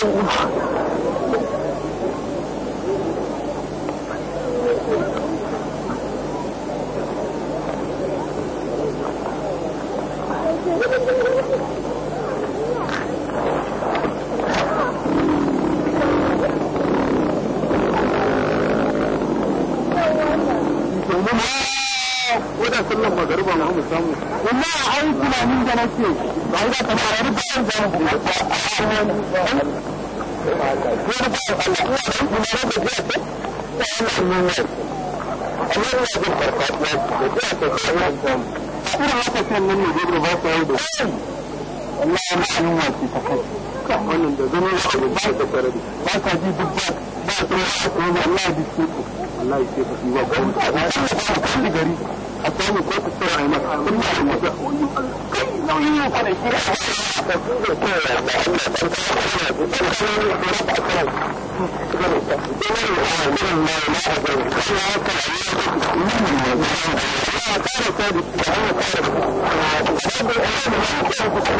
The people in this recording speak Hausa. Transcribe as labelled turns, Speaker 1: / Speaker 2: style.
Speaker 1: Come on. ko da sallan magariba ma mu samu ai tunanin da nake ba ina kamar ba zan samu ba Ina haka ne da ta Allah ya san wa ke ta kai wannan da zama shi da shi da tare ba ka ji duk ba ba ta ko Allah ya dace ku Allah ya ce ku ba ko ta shi gari a samu ko ta tsara mai kun ya mu da kai nauyi ne fa da shi da da ko da da da da da da da